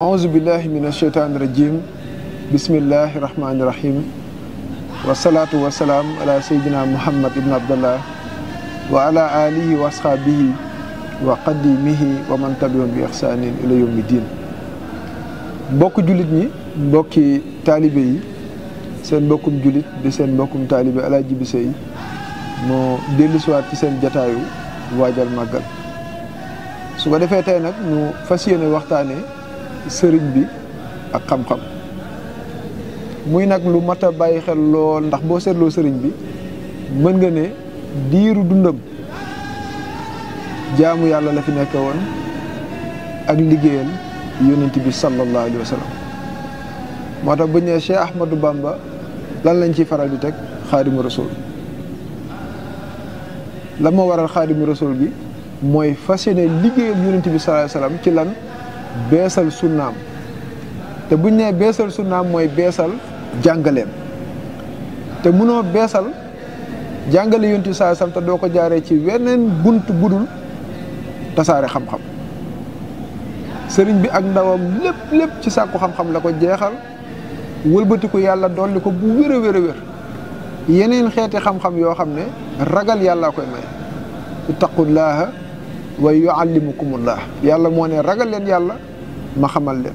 auzu billahi min asheytaani rajim bismillahi rahmaani rahim wasalaatu wasalaam ala seydina muhammad ibn abdallah wa ala alihi wa asxaabihi wa qadimihi wa man tabion bi ixsaanin ila yawmi diin mbokk jullit ñi mbokki taalibe yi seen mbokkum jullit di seen mbokkum taalibe Alaaji Bise yi moo dellusiwaat ci seen jataayu waajal màggal su ko defee tey nag ñu fas yéene waxtaanee sëriñ bi ak xam-xam muy nag lu mat a bàyyi xel lool ndax boo seetloo sëriñ bi mën nga ne diiru dundam jaamu yàlla la fi nekk woon ak liggéeyal yonent bi sallallahu alayhi wa sallam moo tax bu ñu nee Cheikh Ahmadou Bamba lan lañ ciy faral di teg xaadimu rasul la ma waral xaadimu rasul bi mooy fas yéene liggéeyal yonent bi sallallahu alayhi wa ci lan beesal sunnaam te buñ nee beesal sunnaam mooy beesal jàngaleem te munoo beesal jàngale yonti saa sam te doo ko jaaree ci weneen bunt budul tasaare xam-xam sëriñ bi ak ndawam lépp lépp ci sàkku xam-xam la ko jeexal wëlbatiku yàlla dolli ko bu wér a wér yeneen xeeti xam-xam yoo xam ne ragal yàllaa koy may ittaqullaaha wa yuallimukumullah yàlla moo ne ragal leen yàlla ma xamal leen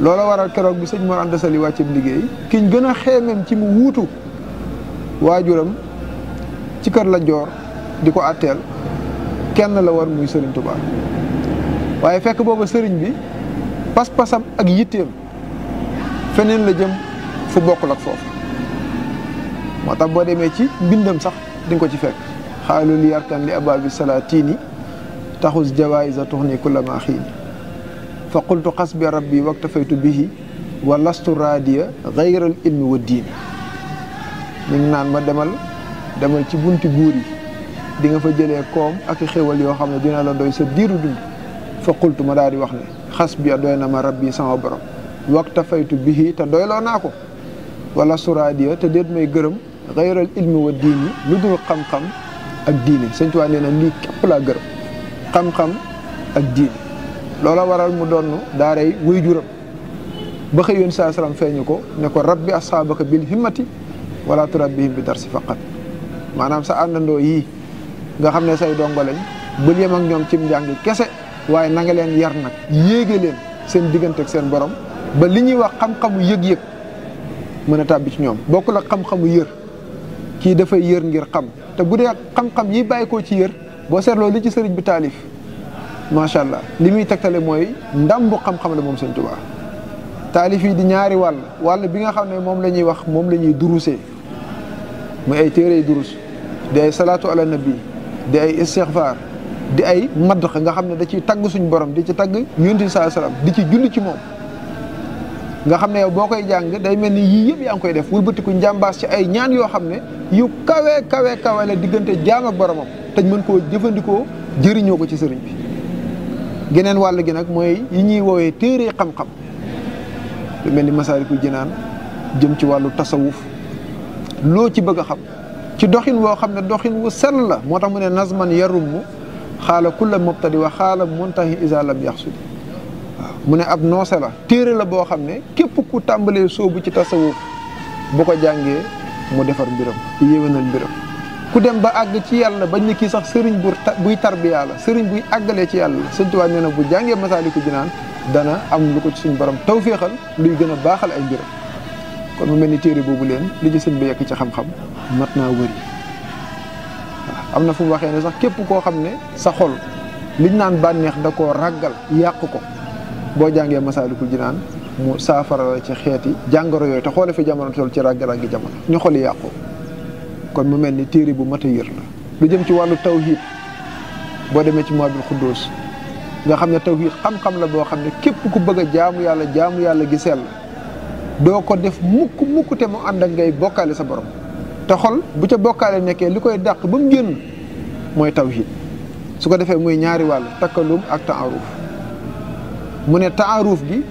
loola waral keroog bi sëñ Mor Anta Sali liggéey kiñ gën a xeemeem ci mu wuutu waajuram ci kër la joor di ko àtteel kenn la war muy sëriñ Tuubaa waaye fekk booba sëriñ bi pas-pasam ak yitteem feneen la jëm fu bokkul ak foofu moo tax boo demee ci mbindam sax di ko ci fekk xaalul yarkan li abaabi salaatiini taxus jawaayisa tuxni kulla maa xiini fa qultu xasbi rabbi waktafaytu bihi wa lastu raadiya gayral ilmi wa diini ñu naan ma demal demal ci bunt buur dinga di nga fa jëlee koom ak xéwal yoo xam ne dina la doy sa diiru dund fa qultu ma daal di wax ne xas bi doy na ma rabbi sama borom waxta faytu bihi te doyloo naa ko wala suraadiya te déet may gërëm xayral ilmi wa diini lu dul xam-xam ak diine sëñ Tuubaa nee na lii képp laa gërëm xam-xam ak diine loola waral mu doon daaray wuy juram ba xëy yoon saa salaam feeñu ko ne ko rabbi asaabaka bil himmati wala turabbihim bi si faqat maanaam sa àndandoo yii nga xam ne say dongo lañ bul yem ak ñoom cim njàng kese waaye na leen yar nag yéege leen seen diggante ak seen borom ba li ñuy wax xam-xamu yëg-yëg mën a ci ñoom bokk la xam-xamu yër kii dafay yër ngir xam te bu dee xam-xam yi bàyyi ko ci yër boo seetloo li ci sëriñ bi taalif macha allah li muy tegtale mooy ndam bu xam-xam la moom sëñ Tuubaa taalif yi di ñaari wàll wàll bi nga xam ne moom la ñuy wax moom la ñuy durusee muy ay téere durus di ay salaatu ala nabi di ay istixfaar di ay madx nga xam ne da ciy tagg suñu borom di ci tagg yonent bi saa salaam di ci julli ci moom. nga xam ne yaw boo koy jàng day mel ni yii yëpp yaa ngi koy def wëlbatiku njàmbaas ci ay ñaan yoo xam ne yu kawe kawe kawe la diggante jaam boromam te mën koo jëfandikoo jëriñoo ko ci sëriñ bi geneen wàll gi nag mooy yi ñuy woowee téere xam-xam lu mel ni Masaalikul Jinaan jëm ci wàllu tasawuf loo ci bëgg xam ci doxin woo xam ne doxin wu sell la moo tax mu ne nazman yarum mu xaala kulla mubtadi wax xaala muntahi isa lam yaxsudi mu ne ab noose la téere la boo xam ne képp ku tàmbalee soobu ci tasawuf bu ko jàngee mu defar mbiram yéwénal mbiram ku dem ba àgg ci yàlla bañ ne kii sax sëriñ bu buy tarbiya la sëriñ buy àggalee ci yàlla sëñ Tuubaa nee na bu jàngee masaaliku jinaan dana am lu ko ci suñ borom tawféexal luy gën a baaxal ay mbiram kon mu mel ni téere boobu leen li ci sëñ bi yekk ci xam-xam mat naa wëri am na fu mu waxee ne sax képp koo xam ne sa xol liñ naan bànneex da koo ràggal yàq ko boo jàngee Masaalikul Jinaan mu saafara la ci xeeti jàngoro yooyu te xoole fi jamono toll ci ràgg-ràgg jamono ñu xoli yàqu kon mu mel ni téere bu mat a yër la lu jëm ci wàllu tawhid boo demee ci Mawaahibil Xuddoos nga xam ne tawhid xam-xam la boo xam ne képp ku bëgg a jaamu yàlla jaamu yàlla gi sell doo ko def mukk mukk te mu ànd ak ngay bokkaale sa borom te xol bu ca bokkaale nekkee li koy dàq ba mu génn mooy tawhid su ko defee muy ñaari wàll takkalum ak taaruf mu ne taaruf bi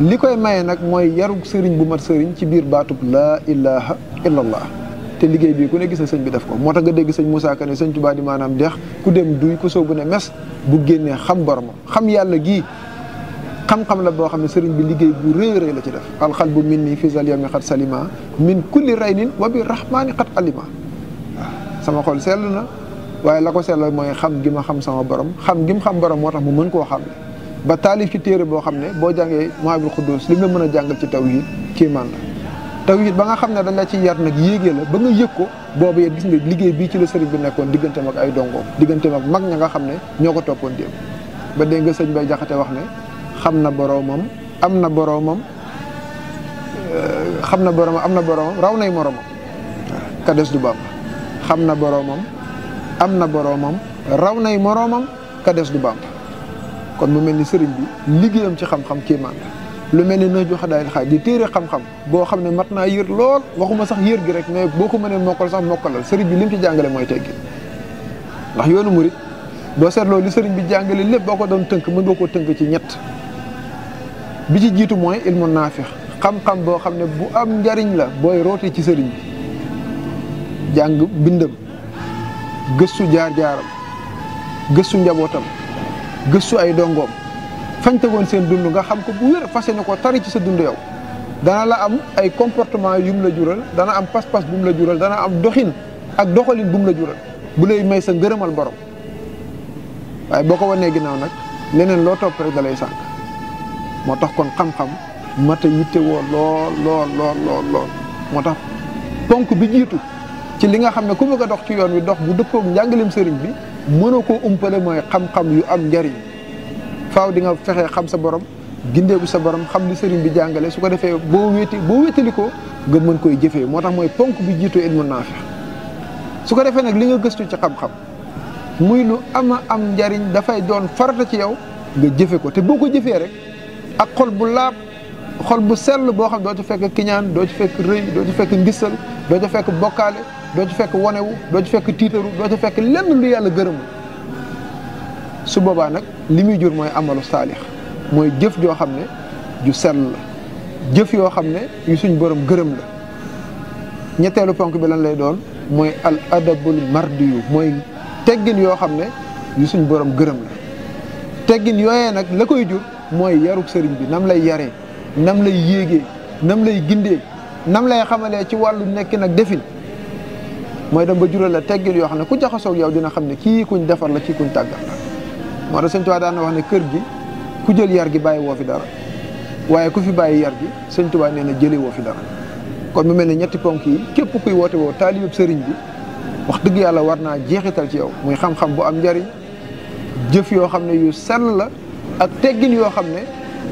li koy maye nag mooy yarug sëriñ bu mat sëriñ ci biir baatub la ilaha illallah te liggéey bi ku ne gis na sëñ bi def ko moo tax nga dégg sëñ Moussa di maanaam dex ku dem duy ku soobu ne mes bu génnee xam borom xam yàlla gii xam-xam la boo xam ne sëriñ bi liggéey bu rëy la ci def alxal bu min ni zal yami xat salima min kulli raynin wa bi rahmani xat alima sama xol sell na waaye la ko mooy xam gi ma xam sama borom xam gi mu xam borom moo mu mën koo xam ba taalif ci téere boo xam ne boo jàngee Mawahibul Quddus li mu la mën a jàngal ci tawhid kéemaan la tawhid ba nga xam ne dañ ci yar nag yéegee la ba nga yëg ko boobu yet gis nga liggéey bii ci la sëriñ bi nekkoon digganteem ak ay dongoom digganteem ak mag ña nga xam ne ñoo ko toppoon démb ba dégg nga sëñ Bay Jaxate wax ne xam na boroomam am na boroomam xam na boroomam am na boroomam raw nay moroomam ka des du Bàmba xam na boroomam am na boroomam raw nay moroomam ka des du baam kon mu mel ni sëriñ bi liggéeyam ci xam-xam kéemaan lu mel ni nañ joxe daayil xaaj di téere xam-xam boo xam ne mat naa yër lool waxuma sax yër gi rek mais boo ko mënee mokkal sax mokkalal sëriñ bi li mu ci jàngale mooy teggi ndax yoonu murit boo seetloo li sëriñ bi jàngale lépp boo ko doon tënk mën nga koo tënk ci ñett bi ci jiitu mooy ilmu naafix xam-xam boo xam ne bu am njariñ la booy rootee ci sëriñ bi jàng bindam gëstu jaar-jaaram gëstu njabootam gëstu ay dongom, fañ tegoon seen dund nga xam ko bu wër fase na ko tari ci sa dund yow dana la am ay comportement yum la jural dana am pas-pas bum la jural dana am doxine ak doxalin bum la jural bu lay may sa ngeureumal borom way boko ko ginaaw nak nag leneen loo topp rek dalay sank motax kon xam-xam mata yitte wo lol lol lol lol lol motax ponk bi jitu ci li nga xamne ku bëgg dox ci yoon wi dox bu dëppoog njàngalim sëriñ bi mënoo ko umpale mooy xam-xam yu am njariñ faaw di nga fexe xam sa borom bu sa borom xam li sëriñ bi jàngale su ko defee boo wéeti boo wéetali ko nga mën koy jëfee moo tax mooy ponk bi jiitu ilmu naafix su ko defee nag li nga gëstu ci xam-xam muy lu ama am njariñ dafay doon farata ci yow nga jëfe ko te boo ko jëfee rek ak xol bu laab xol bu sell boo xam doo ci fekk kiñaan doo ci fekk rëy doo ci fekk ngisal doo ci fekk bokkaale doo ci fekk wonewu doo ci fekk tiitaru doo ci fekk lenn lu yàlla gërëmu su boobaa nag li muy jur mooy amalu saalix mooy jëf joo xam ne ju sell la jëf yoo xam ne yu suñ borom gërëm la ñetteelu ponk bi lan lay doon mooy al adabul mardiyu mooy teggin yoo xam ne yu borom gërëm la teggin yooyee nag la koy jur mooy yarug sëriñ bi nam lay yare nam lay yéege nam lay gindee nam lay xamalee ci wàllu nekkin nag defin mooy dem ba jural la teggil yoo xam ne ku jaxasoog yow dina xam ne kii kuñ defar la kii kuñ tàggat la moo tax sëñ Tuubaa daan na wax ne kër gi ku jël yar gi bàyyi woo fi dara waaye ku fi bàyyi yar gi sëñ Tuubaa nee na jëlee woo fi dara kon mu mel ne ñetti ponk yi képp kuy woote woo taaliyub sëriñ bi wax dëgg yàlla war naa jeexital ci yow muy xam-xam bu am njariñ jëf yoo xam ne yu sell la ak teggin yoo xam ne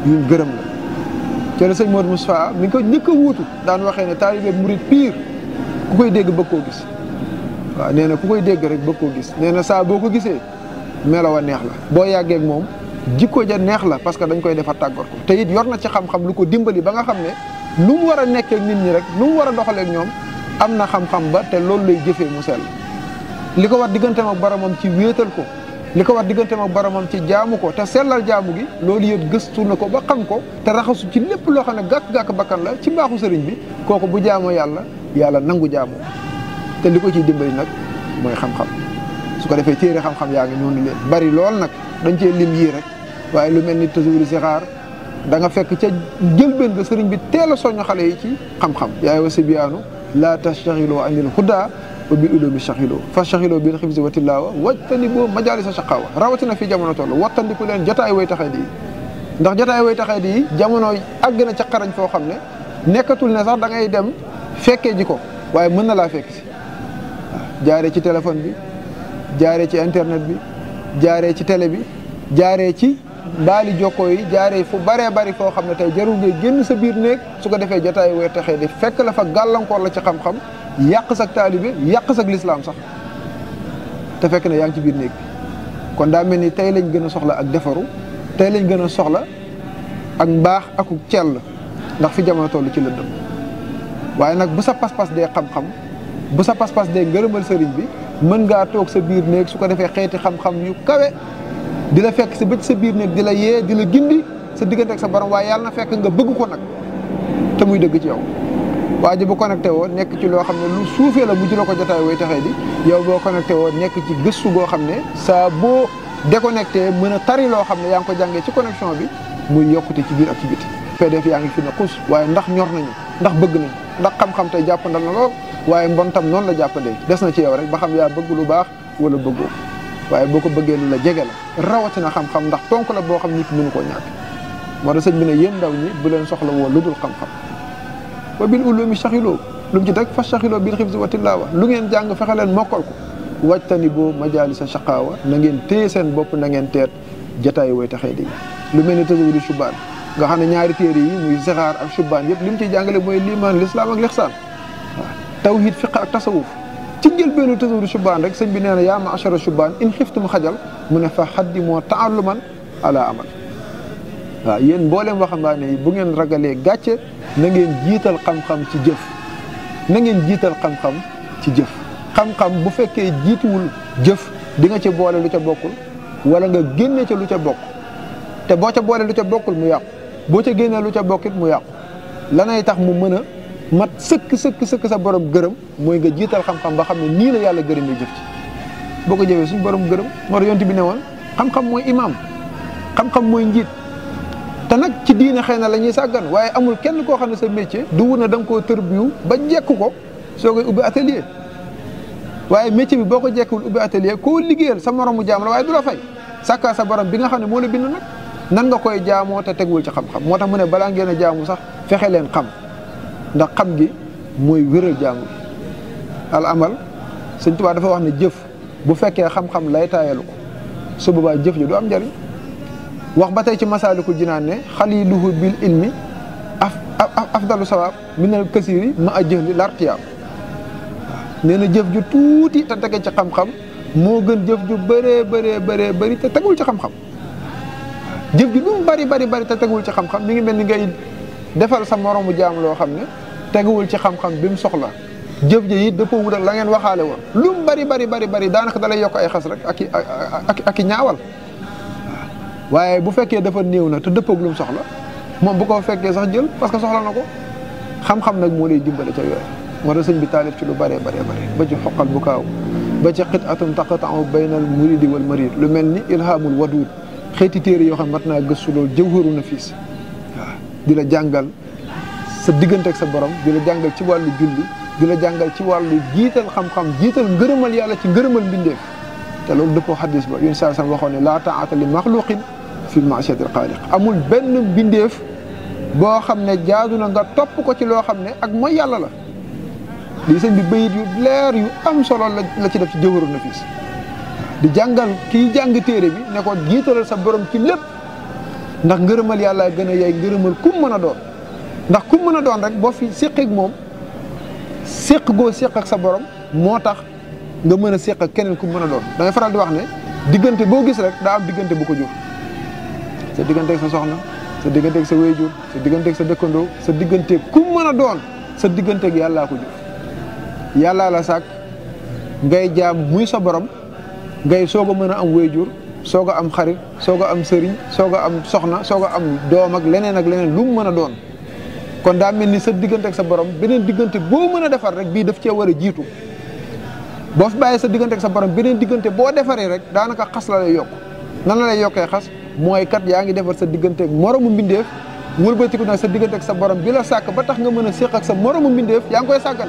yu gërëm la te la sëñ Modou Moustapha mi ngi ko njëkk a daan waxee ne taalibe murid pire ku koy dégg bëgg koo gis waaw nee na ku koy dégg rek bëgg ko gis nee na saa boo ko gisee melaw a neex la boo yàggee ak moom jikko ja neex la parce que dañ koy defar tàggat ko te it yor na ci xam-xam lu ko dimbali ba nga xam ne lu mu war a nekkee nit ñi rek lu mu war a doxaleek ñoom am na xam-xam ba te loolu lay jëfee mu sell li ko war digganteem ak boromam ci wéetal ko li ko war digganteem ak boromam ci jaamu ko te sellal jaamu gi loolu yëpp gëstu na ko ba xam ko te raxasu ci lépp loo xam ne gàkk-gàkk bakkan la ci mbaaxu sëriñ bi kooku bu jaamoo yàlla yàlla nangu jaamoo te li ko ciy dimbali nag mooy xam-xam su ko defee téere xam-xam yaa ngi noonu leen bari lool nag dañ cee lim yii rek waaye lu mel ni tasawuru sixaar danga fekk ca njëlbéen nga sëriñ bi teel a soññ xale yi ci xam-xam yaay wa sibiyaanu laa tastaxiloo anil hudaa wa bil ulumi saxiloo fa saxiloo bil xibsi wa tilaawa wajtani boo majaalisa saqaawa rawatina fii jamono toll wattandiku leen jotaay way taxay di ndax jotaay way taxay di jamono àgg na ca xarañ foo xam ne nekkatul ne sax da ngay dem fekkee ji ko waaye mën na laa fekk si jaaree ci téléphone bi jaaree ci internet bi jaaree ci télé bi jaaree ci baali jokkoo yi jaaree fu baree bari koo xam ne tey jarul ngay génn sa biir néeg su ko defee jataayu weer texee fekk la fa gàllankoor la ci xam-xam yàq sak taalibe yàq sak lislaam sax te fekk na yaa ngi ci biir néeg kon daa mel ni tey lañ gën a soxla ak defaru tey lañ gën a soxla ak mbaax akuk cell ndax fi jamono toll ci lëndëm waaye nag bu sa pas-pas dee xam-xam bu sa pass pass de ngeureumal serigne bi meun nga tok sa bir nek su ko defee xeeti xam-xam yu kawé dila fekk sa bëc sa bir nek dila yé dila gindi sa digënté ak sa borom way yalla na fekk nga bëgg ko nak té muy dëgg ci yow waji bu connecté wo nek ci lo xamné ne lu soufé la bu jëlako jotaay way taxee di yow bo connecté wo nek ci gëssu go xamné ne bo déconnecté meuna tari lo xamné ne ko jangé ci connexion bi muy yokuti ci bir ak ci biti PDF yaa fi na xus waaye ndax ñor nañu ndax bëgg nañu ndax xam-xam tey jàppandal na lool waaye mbon tam noonu la jàppandee des na ci yow rek ba xam yaa bëgg lu baax wala bëggoo waaye boo ko bëggee lu la jege la rawatina xam-xam ndax tonk la boo xam nit mënu ko ñàkk moo tax sëñ bi ne yéen ndaw ñi bu leen soxla woo lu dul xam-xam wa bil ulumi saxiloo lu mu ci teg fa saxiloo bil xibsi wa lu ngeen jàng fexe leen mokkal ko wajtani boo majaalisa saqaawa na ngeen téye seen bopp na ngeen teet jataay way taxee di lu mel ni tasawudu subaan nga xam ne ñaari téere yi muy zixaar ak subaan yëpp lu mu ciy jàngale mooy liimaan lislaam ak lixsaan tawhid fiq ak tasawuf ci njëlbeenu tasawudu subaan rek sëñ bi nee na yaa ma achara subaan in xiftum xajal mu ne fa xaddi moo taalluman ala amal waaw yéen mbooleem waxambaane yi bu ngeen ragalee gàcce na ngeen jiital xam-xam ci jëf na ngeen jiital xam-xam ci jëf xam-xam bu fekkee jiituwul jëf di nga ci boole lu ca bokkul wala nga génne ca lu ca bokk te boo ca boole lu ca bokkul mu yàqu boo ca génnee lu ca bokkit mu yàqu lanay tax mu mën a mat sëkk sëkk sëkk sa borom gërëm mooy nga jiital xam-xam ba xam ne nii la yàlla gërëm yi jëf ci boo ko jëfee suñu borom gërëm moo tax yonent bi ne woon xam-xam mooy imaam xam mooy njiit te nag ci diine xëy na la ñuy sàggan waaye amul kenn koo xam ne sa métier du wun na da nga koo tërbiyu ba jekk ko soo koy ubbi atelier waaye métier bi boo ko jekkul ubbi atelier koo liggéeyal sa moromu jaam la waaye du la fay sàkkaa sa borom bi nga xam ne moo la bind nag nan nga koy jaamoo te tegul ci xam moo tax mu ne balaa ngeen a jaamu sax fexe leen xam ndax xam gi mooy wéral jaamu al amal sëñ tubaa dafa wax ne jëf bu fekkee xam-xam lay taayalu ko su boobaa jëf ji du am njariñ wax ba ci jinaan ne xaliluhu bil ilmi af afdalu sawaab minal kasiri ma a jëhli lartiyaab nee na jëf ju tuuti te tege ci xam-xam moo gën jëf ju bëree bëree bëree bëri te tegul ci xam-xam jëf ju lu mu bari bari bari te tegul ci xam-xam mi ngi mel ni ngay defal sa moromu jaam loo xam ne teguwul ci xam-xam bi mu soxla jëf ji it dëppoo wut ak la ngeen waxaale woon lu mu bari bari bari bari daanaka dalay yokk ay xas rek ak i ak ak i ñaawal waaye bu fekkee dafa néew na te dëppoog lu soxla moom bu ko fekkee sax jël parce que soxla na ko xam-xam nag moo lay dimbale ca yooyu sëñ bi taalif ci lu bëree bëree bëri ba ci xoqal bu kaaw ba ci xit atum taqatau baynal muridi wal marid lu mel ni ilhaamul waduud xeeti téere yoo xam mat naa gëstu loolu jawharu nafiis waaw di la jàngal sa digënté ak sa borom di la jàngal ci walu julli di la jàngal ci walu jiital xam-xam jiital ngërëmal yàlla ci ngërëmal mbindeef te loolu dëppoo xadis ba yun saa waxoon ne laa taata li maxluqin fi xaaliq amul benn mbindeef boo xam ne jaadu na nga topp ko ci loo xam ne ak mooy yàlla la di seen bi bayit yu leer yu am solo la ci def ci jëwëru fiis di jàngal ki jàng téere bi ne ko jiitalal sa borom ci lépp ndax ngërëmal yàlla gën a yay ngërëmal kum mën a ndax ku mën a doon rek boo fi séqeeg moom séq goo séq ak sa borom moo tax nga mën a séq ak keneen ku mën a doon da faral di wax ne diggante boo gis rek daa am diggante bu ko jur sa digganteeg sa soxna sa digganteeg sa wéyjur sa digganteeg sa dëkkandoo sa digganteeg ku mën a doon sa digganteeg yàllaa ko jur yàllaa la sàkk ngay jaam muy sa borom ngay soo a mën a am wéyjur soog a am xarit soog a am sëriñ soog a am soxna soog a am doom ak leneen ak leneen lu mu mën a doon kon daa mel ni sa diggante ak sa borom beneen diggante boo mën a defar rek bii daf cee war a jiitu boo fi bàyyee sa diggante ak sa borom beneen diggante boo defaree rek daanaka xas la lay yokk nan la lay yokkee xas mooy kat yaa ngi defar sa diggante ak moromu mbindeef wëlbatiku nag sa diggante ak sa borom bi la sàkk ba tax nga mën a séq ak sa moromu mbindeef yaa ngi koy sàggan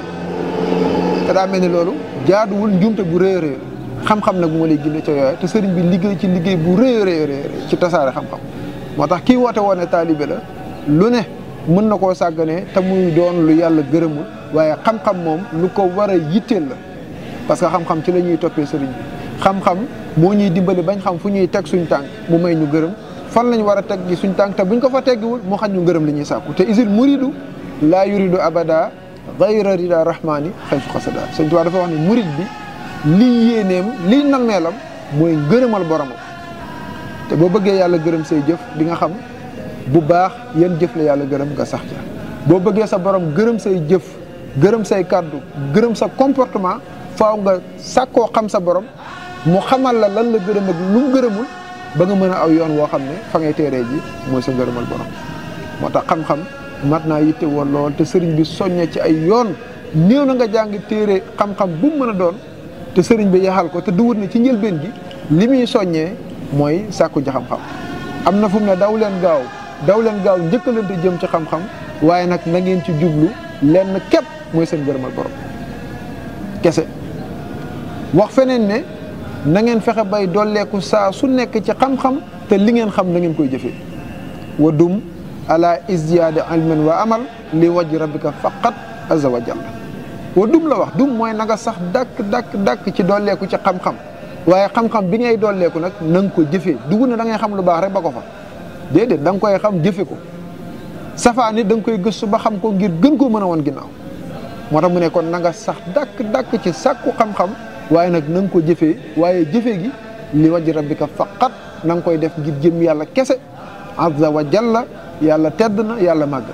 te daa mel ni loolu jaaduwul njuumte bu rëy a rëy xam-xam nag moo lay te sëriñ bi liggéey ci liggéey bu rëy a rëy ci moo tax kii woote woon ne taalibe la lu ne mën na koo sàgganee te muy doon lu yàlla gërëmul waaye xam-xam moom lu ko war a yitteel la parce que xam-xam ci la ñuy toppee sëriñ bi xam-xam moo ñuy dimbali bañ xam fu ñuy teg suñ tànk mu may ñu gërëm fan lañ war a teg gi suñ tànk te buñ ko fa teggiwul mu xañ ñu gërëm li ñuy sàkku te isil muridu laa yuridu abada gayra rida rahmani xaysu xasada sëñ Tuubaa dafa wax ne murid bi liy yéeneem liy nameelam mooy ngërëmal boromam te boo bëggee yàlla gërëm say jëf di nga xam bu baax yeen jëf la yàlla gërëm nga sax ja boo bëggee sa borom gërëm say jëf gërëm say kàddu gërëm sa comportement faaw nga sàkkoo xam sa borom mu xamal la lan la gërëm ak lu mu gërëmul ba nga mën aw yoon woo xam ne fa ngay teeree ji mooy sa gërëmal borom moo tax xam-xam mat naa yitte woon lool te sëriñ bi soññe ci ay yoon néew na nga jàng téere xam-xam bu mu mën a doon te sëriñ bi yaxal ko te duwut ne ci njëlbeen gi li muy soññee mooy sàkku ji xam-xam am na fu mu ne daw leen gaaw daw leen gaaw njëkkalante jëm ci xam-xam waaye nag na ngeen ci jublu lenn képp mooy seen gërëmal borom kese wax feneen ne na ngeen fexe bay dolleeku saa su nekk ci xam-xam te li ngeen xam na ngeen koy jëfee wa dum ala isdiyaada ilmin waa amal li wajhi rabbika faqat azza wa jalla wa dum la wax dum mooy na nga sax dàkk dàkk dàkk ci dolleeku ci xam-xam waaye xam-xam bi ngay dolleeku nag na nga ko jëfee dugg na da ngay xam lu baax rek ba ko fa déedéet da nga koy xam jëfe ko safaan it da nga koy gëstu ba xam ko ngir gën koo mën a woon ginnaaw moo tax mu ne kon na sax dàkk dàkk ci sàkku xam-xam waaye nag na nga ko jëfee waaye jëfe gi li waj rabbika faqat na koy def ngir jëm yàlla kese azza wa jalla yàlla tedd na yàlla màgg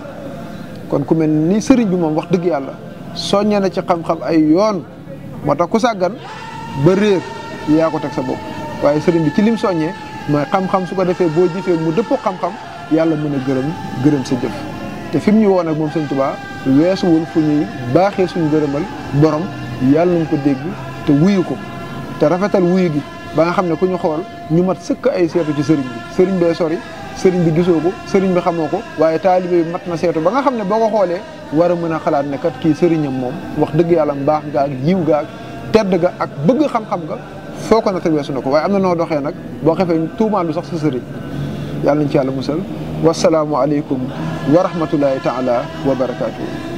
kon ku mel ni sëriñ bi moom wax dëgg yàlla soññe na ci xam-xam ay yoon moo tax ku sàggan ba réer yaa ko teg sa bopp waaye sëriñ bi ci lim soññee mooy xam-xam su ko defee boo jëfee mu dëppoo xam-xam yàlla mën a gërëm gërëm sa jëf te fi mu ñu woon ak moom sëñ Tuubaa weesuwul fu ñuy baaxee suñu gërëmal borom yàlla nañ ko dégg te wuyu ko te rafetal wuyu gi ba nga xam ne ku ñu xool ñu mat sëkk ay seetu ci sëriñ bi sëriñ bee sori sëriñ bi gisoo ko sëriñ bi xamoo ko waaye taalibe bi mat na seetu ba nga xam ne boo ko xoolee war mën a xalaat ne kat kii sëriñam moom wax dëgg yàlla mbaax ga ak yiw ga ak ak bëgg xam-xam foo ko natt weesu na ko waaye am na noo doxee nag boo xefee tuumaal lu sax sa sëriñ yàlla nañ ci yàlla musal wasalaamualeykum wa rahmatulahi taala wa barakaatu.